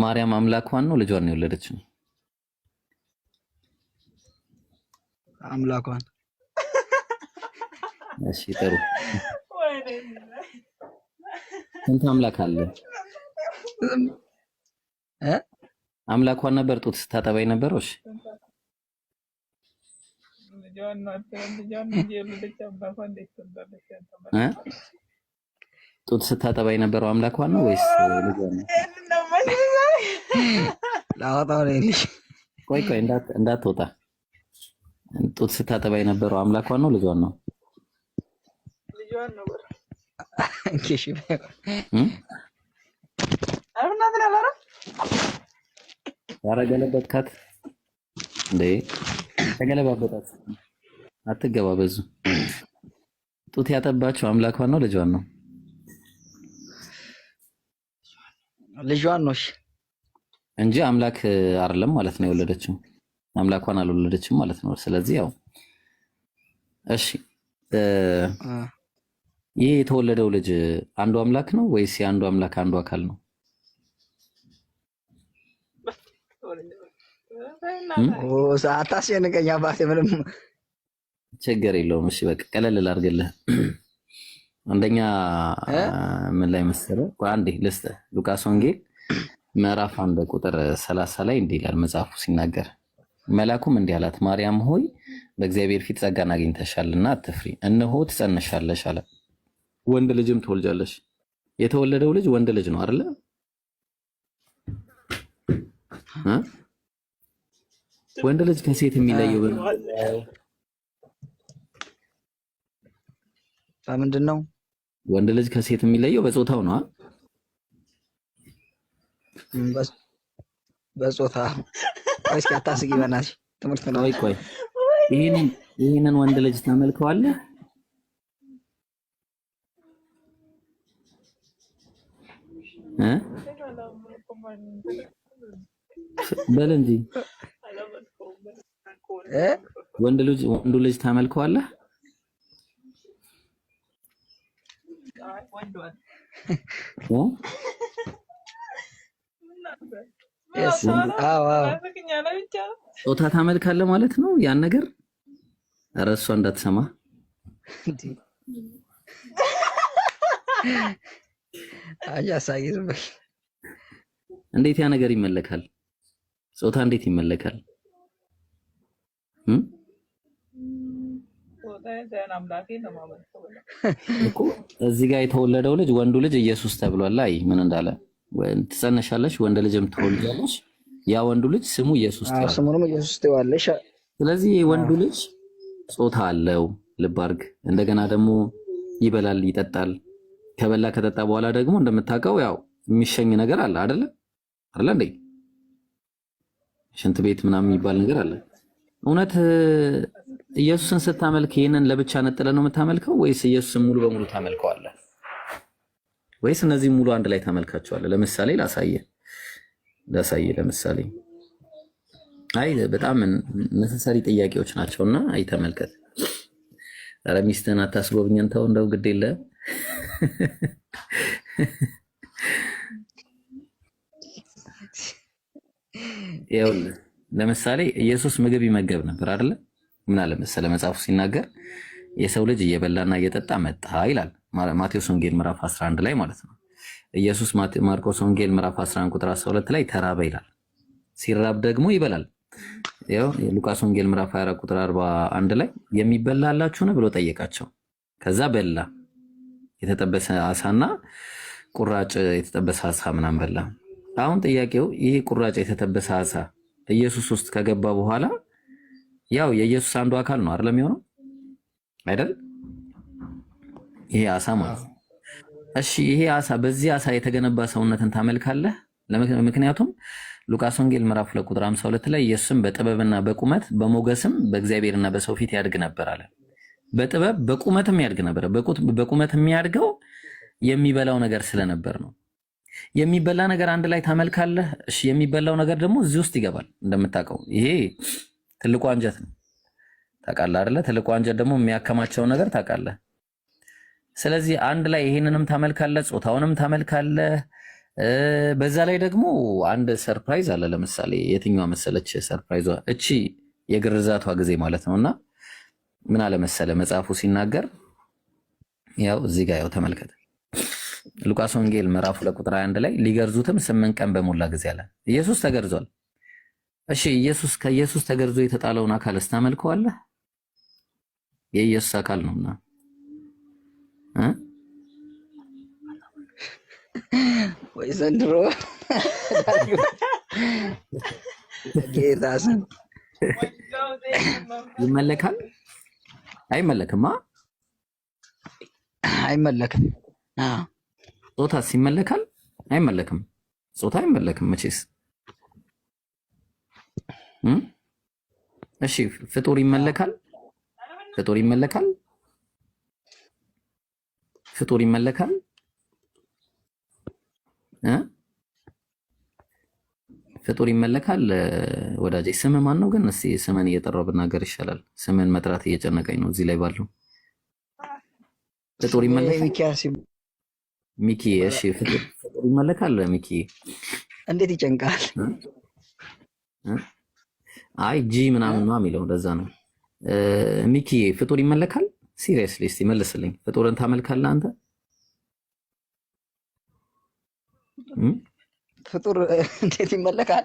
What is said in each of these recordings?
ማርያም አምላኳን ነው ልጇን ነው የወለደችው? አምላኳን። እሺ ጥሩ። ስንት አምላክ አለ? አምላኳን ነበር ጡት ስታጠባ ነበር። እሺ ልጇን ነው ጡት ስታጠባ የነበረው አምላክ ነው ወይስ ቆይ ቆይ እንዳትወጣ። ጡት ስታጠባ የነበረው አምላክ ነው ልጇን ነው። ኧረ ገለበጥካት እንዴ? ተገለባበጣት። አትገባ በዙ ጡት ያጠባችው አምላክ ነው ልጇን ነው። ልጇን ነው እንጂ አምላክ አይደለም ማለት ነው የወለደችው። አምላኳን አልወለደችም ማለት ነው። ስለዚህ ያው እሺ፣ ይህ የተወለደው ልጅ አንዱ አምላክ ነው ወይስ የአንዱ አምላክ አንዱ አካል ነው? አታስጨንቀኝ አባቴ፣ ምንም ችግር የለውም። እሺ በቃ ቀለል ላድርግልህ። አንደኛ ምን ላይ መሰለ? አንዴ ልስጥ። ሉቃስ ወንጌል ምዕራፍ አንድ ቁጥር ሰላሳ ላይ እንዲህ ይላል መጽሐፉ ሲናገር፣ መላኩም እንዲህ አላት፣ ማርያም ሆይ በእግዚአብሔር ፊት ጸጋን አግኝተሻልና አትፍሪ፣ እነሆ ትጸንሻለሽ አለ፣ ወንድ ልጅም ትወልጃለሽ። የተወለደው ልጅ ወንድ ልጅ ነው አይደለ? ወንድ ልጅ ከሴት የሚለየው በምንድን ነው? ወንድ ልጅ ከሴት የሚለየው በጾታው ነው። በጾታ ወይስ አታስቂ፣ በእናትሽ ትምህርት ነው። ቆይ ቆይ፣ ወንድ ልጅ ታመልከዋለህ? በል እንጂ ወንድ ልጅ ወንዱ ልጅ ታመልከዋለህ? Ah, ጾታ ታመልካለህ ማለት ነው ያን ነገር። ኧረ እሷ እንዳትሰማ እንዴት ያ ነገር ይመለካል? ጾታ እንዴት ይመለካል? እዚህ ጋር የተወለደው ልጅ ወንዱ ልጅ ኢየሱስ ተብሏል። ላይ ምን እንዳለ ትጸነሻለሽ፣ ወንድ ልጅም ትወልጃለሽ። ያ ወንዱ ልጅ ስሙ ኢየሱስ ስሙንም ኢየሱስ ትዋለሽ። ስለዚህ ወንዱ ልጅ ጾታ አለው። ልብ አድርግ። እንደገና ደግሞ ይበላል፣ ይጠጣል። ከበላ ከጠጣ በኋላ ደግሞ እንደምታውቀው ያው የሚሸኝ ነገር አለ አደለ? አለ እንዴ? ሽንት ቤት ምናምን የሚባል ነገር አለ። እውነት ኢየሱስን ስታመልክ ይህንን ለብቻ ነጥለ ነው የምታመልከው ወይስ ኢየሱስን ሙሉ በሙሉ ታመልከዋለህ? ወይስ እነዚህ ሙሉ አንድ ላይ ታመልካቸዋለህ? ለምሳሌ ላሳየ ላሳየ ለምሳሌ አይ በጣም ነሰሰሪ ጥያቄዎች ናቸውና፣ አይ ተመልከት። ኧረ ሚስትህን አታስጎብኘን ተው፣ እንደው ግድ የለ ለምሳሌ ኢየሱስ ምግብ ይመገብ ነበር አይደለ? ምን አለ መሰለ መጽሐፉ ሲናገር የሰው ልጅ እየበላና እየጠጣ መጣ ይላል። ማቴዎስ ወንጌል ምዕራፍ 11 ላይ ማለት ነው። ኢየሱስ ማርቆስ ወንጌል ምዕራፍ 11 ቁጥር 12 ላይ ተራበ ይላል። ሲራብ ደግሞ ይበላል። ያው የሉቃስ ወንጌል ምዕራፍ 24 ቁጥር 41 ላይ የሚበላላችሁ ነው ብሎ ጠየቃቸው። ከዛ በላ። የተጠበሰ አሳና ቁራጭ የተጠበሰ አሳ ምናምን በላ። አሁን ጥያቄው ይህ ቁራጭ የተጠበሰ አሳ ኢየሱስ ውስጥ ከገባ በኋላ ያው የኢየሱስ አንዱ አካል ነው አይደለም የሆነው አይደል? ይሄ አሳ ማለት እሺ ይሄ አሳ በዚህ አሳ የተገነባ ሰውነትን ታመልካለህ። ምክንያቱም ሉቃስ ወንጌል ምዕራፍ 2 ቁጥር 52 ላይ ኢየሱስም በጥበብና በቁመት በሞገስም በእግዚአብሔርና በሰው ፊት ያድግ ነበር አለ። በጥበብ በቁመትም ያድግ ነበር። በቁመት የሚያድገው የሚበላው ነገር ስለነበር ነው። የሚበላ ነገር አንድ ላይ ታመልካለህ። እሺ የሚበላው ነገር ደግሞ እዚህ ውስጥ ይገባል እንደምታውቀው ይሄ ትልቁ አንጀት ነው። ታውቃለህ አይደለ? ትልቁ አንጀት ደግሞ የሚያከማቸው ነገር ታውቃለህ። ስለዚህ አንድ ላይ ይሄንንም ታመልካለህ፣ ጾታውንም ታመልካለህ። በዛ ላይ ደግሞ አንድ ሰርፕራይዝ አለ። ለምሳሌ የትኛዋ መሰለች ሰርፕራይዟ? እቺ የግርዛቷ ጊዜ ማለት ነው። እና ምን አለ መሰለ መጽሐፉ ሲናገር ያው እዚህ ጋር ያው ተመልከተ ሉቃስ ወንጌል ምዕራፍ ሁለት ቁጥር 21 ላይ ሊገርዙትም ስምንት ቀን በሞላ ጊዜ አለ ኢየሱስ ተገርዟል። እሺ ኢየሱስ ከኢየሱስ ተገርዞ የተጣለውን አካል ስታመልከዋለህ? የኢየሱስ አካል ነውና እ ወይ ዘንድሮ ጌታ ይመለካል? አይመለክማ። አይመለክም። ጾታስ ይመለካል? አይመለክም። ጾታ አይመለክም መቼስ እሺ ፍጡር ይመለካል? ፍጡር ይመለካል? ፍጡር ይመለካል? ፍጡር ይመለካል? ወዳጄ ስም ማን ነው ግን? እስኪ ስምን እየጠራው ብናገር ይሻላል። ስምን መጥራት እየጨነቀኝ ነው እዚህ ላይ ባለው። ፍጡር ይመለካል? ሚኪ እሺ፣ ፍጡር ይመለካል? ሚኪ እንዴት ይጨንቃል? አይ ጂ ምናምን ነው የሚለው እንደዛ ነው። ሚኪ ፍጡር ይመለካል? ሲሪየስሊ እስቲ መልስልኝ። ፍጡርን ታመልካለህ አንተ? ፍጡር እንዴት ይመለካል?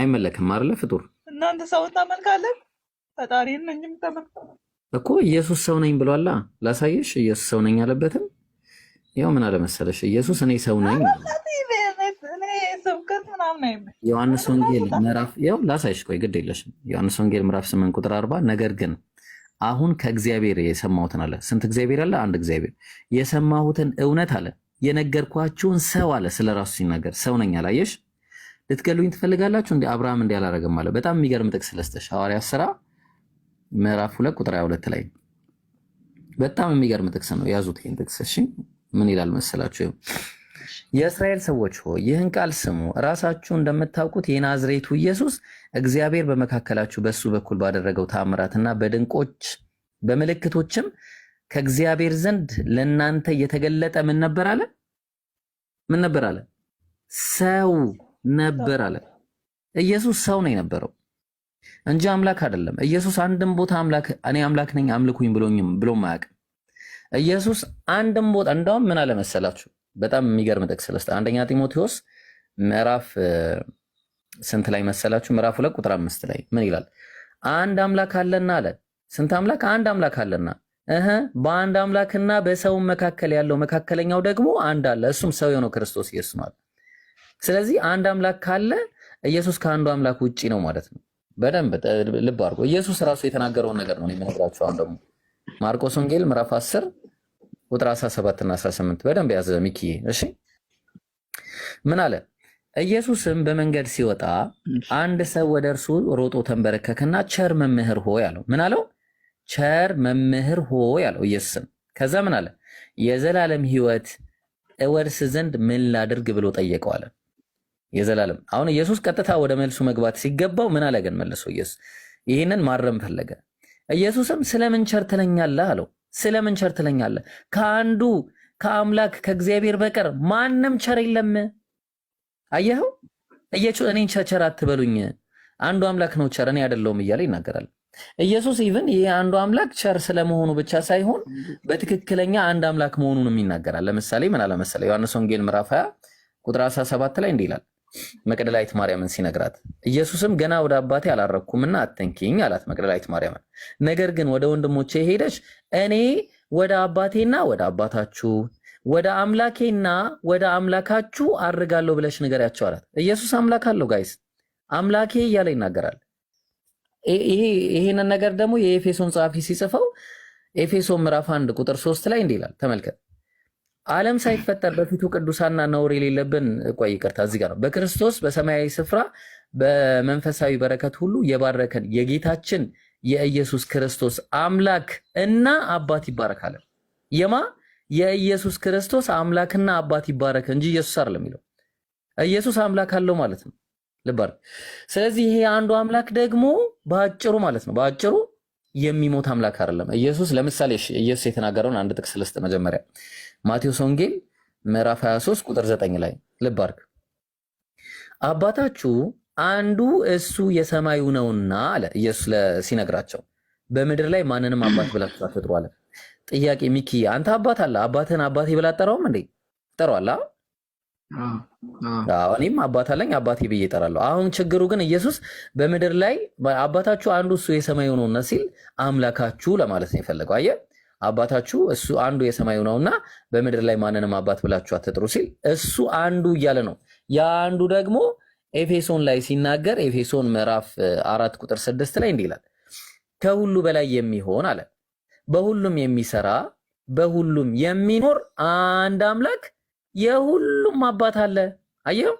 አይመለክም አይደለ? ፍጡር እናንተ ሰውን ታመልካለን? ፈጣሪን ነኝ የምታመልከው እኮ ኢየሱስ ሰው ነኝ ብሏላ። ላሳየሽ፣ ኢየሱስ ሰው ነኝ አለበትም። ያው ምን አለመሰለሽ ኢየሱስ እኔ ሰው ነኝ መሰከርኩ ምናምን አይበል። ዮሐንስ ወንጌል ምዕራፍ ያው ላሳይሽ፣ ቆይ ግድ የለሽ ዮሐንስ ወንጌል ምዕራፍ ስምንት ቁጥር አርባ ነገር ግን አሁን ከእግዚአብሔር የሰማሁትን አለ። ስንት እግዚአብሔር አለ? አንድ እግዚአብሔር። የሰማሁትን እውነት አለ የነገርኳችሁን ሰው አለ። ስለ ራሱ ሲናገር ሰው ነኝ አላየሽ? ልትገሉኝ ትፈልጋላችሁ? እንዲ አብርሃም እንዲ አላረገም አለ። በጣም የሚገርም ጥቅስ ለስተሽ ሐዋርያ ስራ ምዕራፍ ሁለት ቁጥር ሁለት ላይ በጣም የሚገርም ጥቅስ ነው። ያዙት ይህን ጥቅስ እሺ። ምን ይላል መሰላችሁ? የእስራኤል ሰዎች ሆይ ይህን ቃል ስሙ። ራሳችሁ እንደምታውቁት የናዝሬቱ ኢየሱስ እግዚአብሔር በመካከላችሁ በእሱ በኩል ባደረገው ታምራትና በድንቆች በምልክቶችም ከእግዚአብሔር ዘንድ ለእናንተ እየተገለጠ ምን ነበር አለ? ምን ነበር አለ? ሰው ነበር አለ። ኢየሱስ ሰው ነው የነበረው እንጂ አምላክ አይደለም። ኢየሱስ አንድም ቦታ አምላክ እኔ አምላክ ነኝ አምልኩኝ ብሎኝም ብሎም አያውቅም። ኢየሱስ አንድም ቦታ እንደውም ምን አለ መሰላችሁ በጣም የሚገርም ጥቅስ ልስጥ። አንደኛ ጢሞቴዎስ ምዕራፍ ስንት ላይ መሰላችሁ? ምዕራፍ ሁለት ቁጥር አምስት ላይ ምን ይላል? አንድ አምላክ አለና አለ። ስንት አምላክ? አንድ አምላክ አለና እህ በአንድ አምላክና በሰውም መካከል ያለው መካከለኛው ደግሞ አንድ አለ፣ እሱም ሰው የሆነው ክርስቶስ ኢየሱስ ማለት። ስለዚህ አንድ አምላክ ካለ ኢየሱስ ከአንዱ አምላክ ውጪ ነው ማለት ነው። በደንብ ልብ አድርጎ ኢየሱስ ራሱ የተናገረውን ነገር ነው የምነግራችሁ። አሁን ደግሞ ማርቆስ ወንጌል ምዕራፍ 10 ቁጥር 17 እና 18 በደንብ ያዘ ሚኪ። እሺ ምን አለ? ኢየሱስም በመንገድ ሲወጣ አንድ ሰው ወደ እርሱ ሮጦ ተንበረከከና ቸር መምህር ሆይ አለው። ምን አለው? ቸር መምህር ሆይ አለው ኢየሱስም። ከዛ ምን አለ? የዘላለም ሕይወት እወርስ ዘንድ ምን ላድርግ ብሎ ጠየቀው አለ። የዘላለም አሁን ኢየሱስ ቀጥታ ወደ መልሱ መግባት ሲገባው ምን አለ ግን መልሶ ኢየሱስ ይህንን ማረም ፈለገ። ኢየሱስም ስለምን ቸር ትለኛለህ አለው። ስለምን ቸር ትለኛለህ? ከአንዱ ከአምላክ ከእግዚአብሔር በቀር ማንም ቸር የለም። አየኸው፣ እየቹ እኔን ቸር አትበሉኝ፣ አንዱ አምላክ ነው ቸር፣ እኔ አይደለሁም እያለ ይናገራል ኢየሱስ። ኢቭን ይህ አንዱ አምላክ ቸር ስለመሆኑ ብቻ ሳይሆን በትክክለኛ አንድ አምላክ መሆኑንም ይናገራል። ለምሳሌ ምን አለ መሰለህ? ዮሐንስ ወንጌል ምዕራፍ 20 ቁጥር 17 ላይ እንዲህ ይላል መቅደላዊት ማርያምን ሲነግራት ኢየሱስም ገና ወደ አባቴ አላረግኩምና አትንኪኝ አላት መቅደላዊት ማርያምን። ነገር ግን ወደ ወንድሞቼ ሄደች እኔ ወደ አባቴና ወደ አባታችሁ ወደ አምላኬና ወደ አምላካችሁ አድርጋለሁ ብለሽ ንገሪያቸው አላት። ኢየሱስ አምላክ አለው ጋይስ፣ አምላኬ እያለ ይናገራል። ይሄንን ነገር ደግሞ የኤፌሶን ጸሐፊ ሲጽፈው ኤፌሶን ምዕራፍ አንድ ቁጥር ሶስት ላይ እንዲህ ይላል፣ ተመልከት ዓለም ሳይፈጠር በፊቱ ቅዱሳና ነውር የሌለብን ቆይ ቅርታ እዚህ ጋር ነው። በክርስቶስ በሰማያዊ ስፍራ በመንፈሳዊ በረከት ሁሉ የባረከን የጌታችን የኢየሱስ ክርስቶስ አምላክ እና አባት ይባረክ የማ የኢየሱስ ክርስቶስ አምላክና አባት ይባረክ እንጂ ኢየሱስ አይደለም የሚለው። ኢየሱስ አምላክ አለው ማለት ነው። ልባር ስለዚህ ይሄ አንዱ አምላክ ደግሞ በአጭሩ ማለት ነው በአጭሩ የሚሞት አምላክ አይደለም። ኢየሱስ ለምሳሌ ኢየሱስ የተናገረውን አንድ ጥቅስ ልስጥ። መጀመሪያ ማቴዎስ ወንጌል ምዕራፍ 23 ቁጥር 9 ላይ ልብ አድርግ። አባታችሁ አንዱ እሱ የሰማዩ ነውና አለ ኢየሱስ ሲነግራቸው፣ በምድር ላይ ማንንም አባት ብላችሁ አትጥሩ አለ። ጥያቄ ሚኪ፣ አንተ አባት አለ አባትህን አባቴ ብላ ጠራውም እንዴ? ጠሯላ እኔም አባት አለኝ አባቴ ብዬ እጠራለሁ። አሁን ችግሩ ግን ኢየሱስ በምድር ላይ አባታችሁ አንዱ እሱ የሰማዩ ነውና ሲል አምላካችሁ ለማለት ነው የፈለገው። አየ አባታችሁ እሱ አንዱ የሰማዩ ነውና በምድር ላይ ማንንም አባት ብላችሁ አትጥሩ ሲል እሱ አንዱ እያለ ነው። ያ አንዱ ደግሞ ኤፌሶን ላይ ሲናገር ኤፌሶን ምዕራፍ አራት ቁጥር ስድስት ላይ እንዲህ ይላል ከሁሉ በላይ የሚሆን አለ፣ በሁሉም የሚሰራ በሁሉም የሚኖር አንድ አምላክ የሁሉም አባት አለ። አየው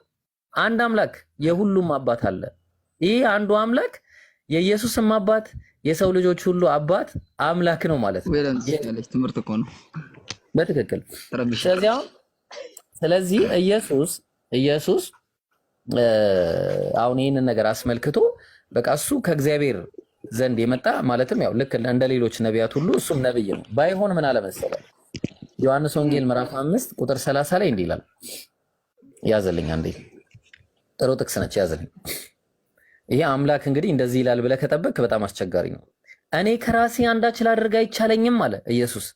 አንድ አምላክ የሁሉም አባት አለ። ይህ አንዱ አምላክ የኢየሱስም አባት የሰው ልጆች ሁሉ አባት አምላክ ነው ማለት ነው። ትምህርት እኮ ነው በትክክል ስለዚህ ስለዚህ ኢየሱስ ኢየሱስ አሁን ይህንን ነገር አስመልክቶ በቃ እሱ ከእግዚአብሔር ዘንድ የመጣ ማለትም ያው ልክ እንደ ሌሎች ነቢያት ሁሉ እሱም ነብይ ነው። ባይሆን ምን አለ ዮሐንስ ወንጌል ምዕራፍ አምስት ቁጥር ሰላሳ ላይ እንዲህ ይላል። ያዘልኝ አንዴ፣ ጥሩ ጥቅስ ነች፣ ያዘልኝ። ይሄ አምላክ እንግዲህ እንደዚህ ይላል ብለህ ከጠበቅ በጣም አስቸጋሪ ነው። እኔ ከራሴ አንዳች ላደርግ አይቻለኝም አለ ኢየሱስ።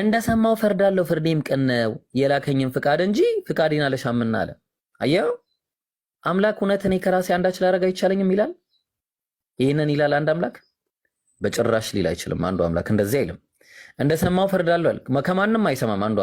እንደሰማው ፈርዳለሁ፣ ፍርዴም ቅን ነው፣ የላከኝም ፍቃድ እንጂ ፍቃዴን አልሻምና አለ። አየው አምላክ እውነት እኔ ከራሴ አንዳች ላደርግ አይቻለኝም ይላል። ይህንን ይላል አንድ አምላክ? በጭራሽ ሊል አይችልም። አንዱ አምላክ እንደዚህ አይልም። እንደሰማው ፈርዳለሁ አልክ። ከማንም አይሰማም አንዱ